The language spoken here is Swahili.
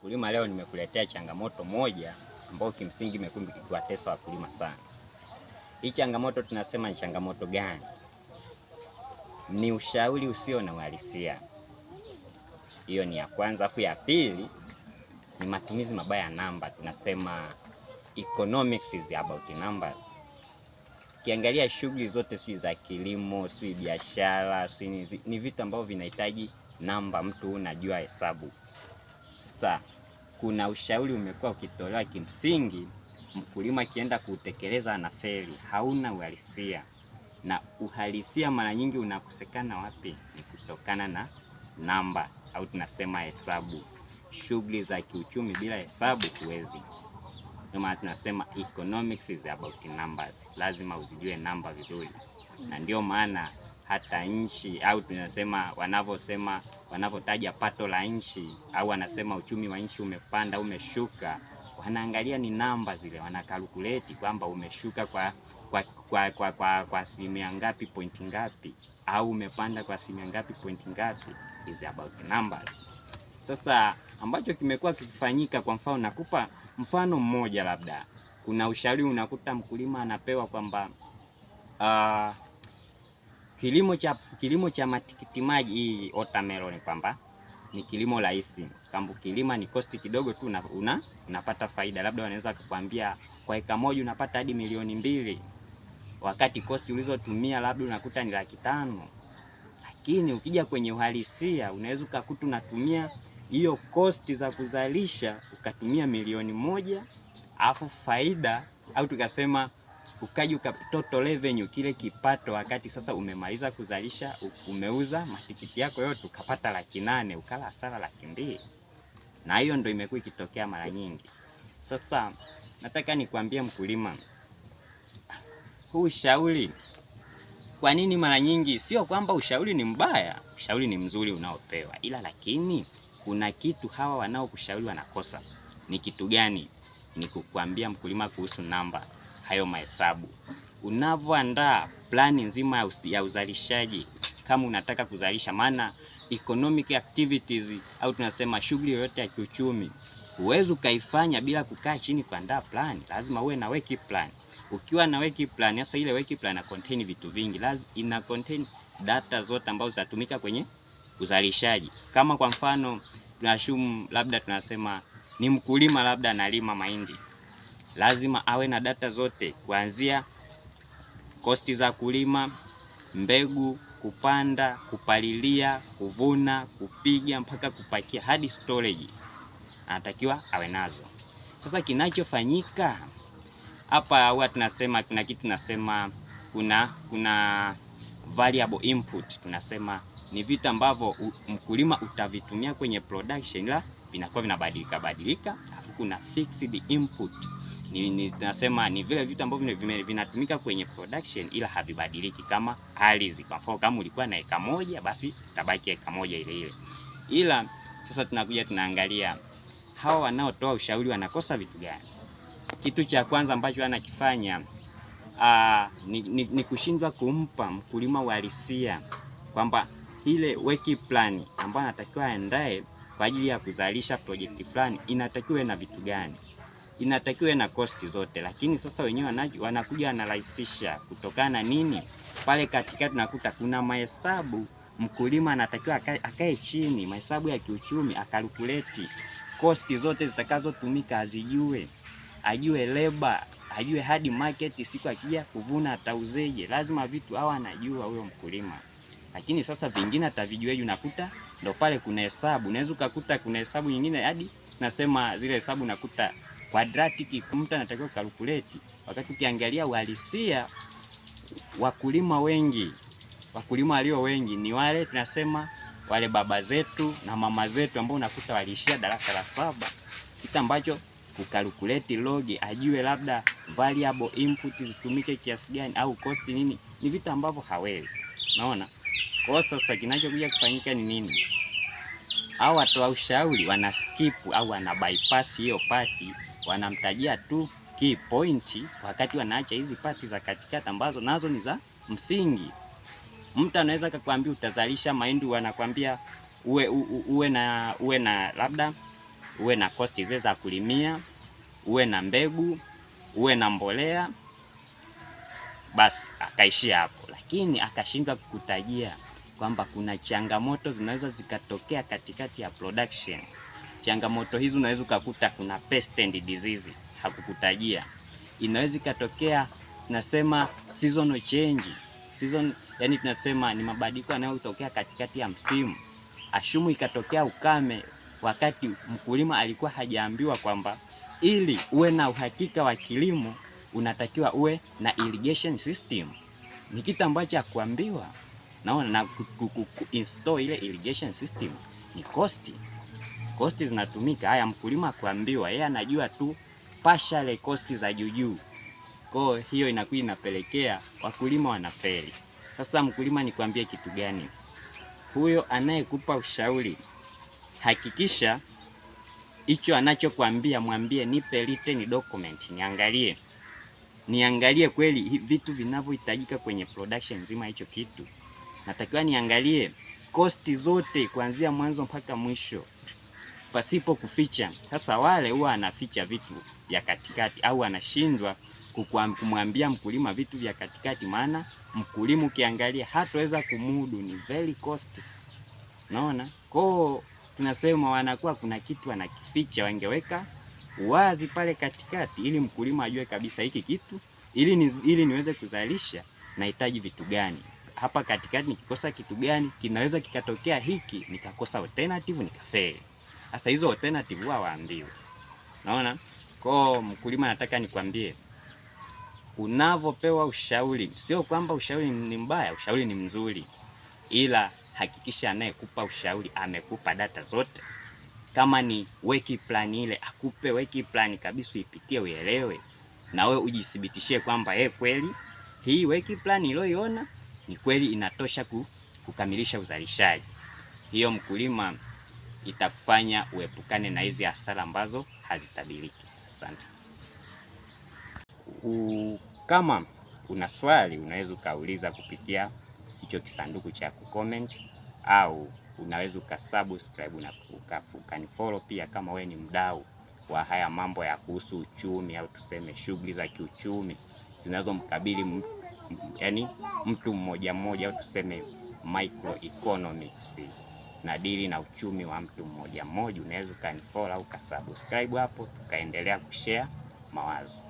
Kulima leo nimekuletea changamoto moja ambayo kimsingi imekuwa ikiwatesa wakulima sana. Hii changamoto tunasema ni changamoto gani? Ni ushauri usio na uhalisia. Hiyo ni ya kwanza, afu ya pili ni matumizi mabaya ya namba. Tunasema economics is about numbers. Ukiangalia shughuli zote sui za kilimo, sui biashara, sui ni vitu ambavyo vinahitaji namba, mtu unajua hesabu. Sasa kuna ushauri umekuwa ukitolewa, kimsingi mkulima akienda kuutekeleza anafeli, hauna uhalisia na uhalisia mara nyingi unakosekana wapi? Ni kutokana na namba au tunasema hesabu. Shughuli za kiuchumi bila hesabu huwezi, ndio maana tunasema economics is about numbers. Lazima uzijue namba vizuri, na ndio maana hata nchi au tunasema wanavyosema wanavyotaja pato la nchi au wanasema uchumi wa nchi umepanda umeshuka, wanaangalia ni namba zile, wanakalkuleti kwamba umeshuka kwa kwa kwa kwa kwa kwa asilimia ngapi, pointi ngapi, au umepanda kwa asilimia ngapi, pointi ngapi, is about numbers. Sasa ambacho kimekuwa kikifanyika, kwa mfano, nakupa mfano mmoja, labda kuna ushauri unakuta mkulima anapewa kwamba uh, Kilimo cha, kilimo cha matikiti maji hii watermelon kwamba ni kilimo rahisi, kwamba kilima ni kosti kidogo tu una, una, unapata faida, labda wanaweza kukwambia kwa eka moja unapata hadi milioni mbili, wakati kosti ulizotumia labda unakuta ni laki tano, lakini ukija kwenye uhalisia unaweza ukakuta unatumia hiyo kosti za kuzalisha ukatumia milioni moja afu faida au tukasema ukaji ukatoto revenue kile kipato, wakati sasa umemaliza kuzalisha, umeuza matikiti yako yote ukapata laki nane, ukala hasara laki mbili. Na hiyo ndio imekuwa ikitokea mara nyingi. Sasa nataka nikwambie mkulima, huu ushauri kwa nini mara nyingi, sio kwamba ushauri ni mbaya, ushauri ni mzuri unaopewa, ila lakini kuna kitu hawa wanaokushauri wanakosa. Ni kitu gani? Ni kukwambia mkulima kuhusu namba hayo mahesabu. Unavyoandaa plani nzima ya uzalishaji, kama unataka kuzalisha, maana economic activities au tunasema shughuli yoyote ya kiuchumi huwezi ukaifanya bila kukaa chini kuandaa plan. Lazima uwe na weki plan. Ukiwa na weki plan, hasa ile weki plan ina contain vitu vingi, lazima ina contain data zote ambazo zitatumika kwenye uzalishaji. Kama kwa mfano tunashum, labda tunasema ni mkulima labda analima mahindi lazima awe na data zote kuanzia kosti za kulima, mbegu, kupanda, kupalilia, kuvuna, kupiga mpaka kupakia hadi storage anatakiwa awe nazo. Sasa kinachofanyika hapa huwa tunasema kuna kitu tunasema kuna kuna variable input, tunasema ni vitu ambavyo mkulima utavitumia kwenye production, ila vinakuwa vinabadilika badilika, alafu kuna fixed input ni, ni, nasema ni vile vitu ambavyo vinatumika kwenye production ila havibadiliki kama hali zikafo. Kama ulikuwa na eka moja, basi tabaki eka moja ile ile. Ila sasa tunakuja tunaangalia hawa wanaotoa ushauri wanakosa vitu gani? Kitu cha kwanza ambacho anakifanya uh, ni, ni, ni kushindwa kumpa mkulima uhalisia kwamba ile weki plan ambayo anatakiwa aendae kwa ajili ya kuzalisha project fulani inatakiwa na vitu gani inatakiwa na kosti zote, lakini sasa wenyewe wanakuja wanarahisisha kutokana nini? Pale katikati tunakuta kuna mahesabu, mkulima anatakiwa akae chini, mahesabu ya kiuchumi, akalukuleti kosti zote zitakazotumika azijue, ajue leba, ajue hadi market, siku akija kuvuna atauzeje. Lazima vitu hawa anajua huyo mkulima, lakini sasa vingine atavijueje? Unakuta ndo pale kuna hesabu, unaweza ukakuta kuna hesabu nyingine hadi nasema zile hesabu nakuta quadratic, mtu anatakiwa kalkuleti, wakati ukiangalia uhalisia wakulima wengi, wakulima walio wengi ni wale tunasema wale baba zetu na mama zetu ambao unakuta waliishia darasa la saba, kitu ambacho kukalkuleti log ajue labda variable input zitumike kiasi gani au cost nini, ni vitu ambavyo hawezi. Unaona, kwa sasa kinachokuja kufanyika ni nini? Au watoa ushauri wana skip au wana bypass hiyo pati wanamtajia tu key point, wakati wanaacha hizi pati za katikati ambazo nazo ni za msingi. Mtu anaweza akakwambia utazalisha mahindi, wanakwambia uwe, uwe, na uwe na labda uwe na kosti zile za kulimia, uwe na mbegu, uwe na mbolea, basi akaishia hapo, lakini akashindwa kukutajia kwamba kuna changamoto zinaweza zikatokea katikati ya production. Changamoto hizi unaweza ukakuta kuna pest and disease, hakukutajia. Inaweza ikatokea tunasema seasonal change. Season, yani tunasema ni mabadiliko yanayotokea katikati ya msimu. Ashumu ikatokea ukame wakati mkulima alikuwa hajaambiwa kwamba ili uwe na uhakika wa kilimo unatakiwa uwe na irrigation system. Ni kitu ambacho hakuambiwa naona na, na kuinstall ile irrigation system ni kosti kosti zinatumika. Haya, mkulima kuambiwa, yeye anajua tu pashale kosti za juujuu, kwa hiyo inakuwa inapelekea wakulima wanafeli. Sasa mkulima, nikwambie kitu gani? Huyo anayekupa ushauri hakikisha hicho anachokwambia mwambie, nipe written document niangalie, niangalie kweli vitu vinavyohitajika kwenye production nzima. Hicho kitu natakiwa niangalie kosti zote kuanzia mwanzo mpaka mwisho pasipo kuficha. Sasa wale huwa anaficha vitu vya katikati au anashindwa kumwambia mkulima vitu vya katikati, maana mkulima ukiangalia hataweza kumudu, ni very costly. Naona koo tunasema wanakuwa kuna kitu anakificha, wangeweka wazi pale katikati, ili mkulima ajue kabisa hiki kitu, ili, ni, ili niweze kuzalisha nahitaji vitu gani hapa katikati, nikikosa kitu gani kinaweza kikatokea hiki, nikakosa alternative nikafeli. Ah, Sasa hizo alternative huwa waambiwe, naona Kwa Mkulima nataka nikwambie, unavyopewa ushauri, sio kwamba ushauri ni mbaya, ushauri ni mzuri, ila hakikisha anayekupa ushauri amekupa data zote. Kama ni weki plan ile akupe weki plan kabisa, uipitie uelewe, na wewe ujithibitishie kwamba yeye kweli hii weki plan iliyoiona ni kweli inatosha kukamilisha uzalishaji. Hiyo mkulima itakufanya uepukane na hizi hasara ambazo hazitabiriki. Asante. Kama una swali unaweza ukauliza kupitia hicho kisanduku cha kucomment au unaweza ukasubscribe na ukanifollow pia, kama we ni mdau wa haya mambo ya kuhusu uchumi au tuseme shughuli za kiuchumi zinazomkabili yani mtu mmoja mmoja au tuseme microeconomics na dili na uchumi wa mtu mmoja mmoja. Unaweza ukanifollow au ukasubscribe hapo, tukaendelea kushare mawazo.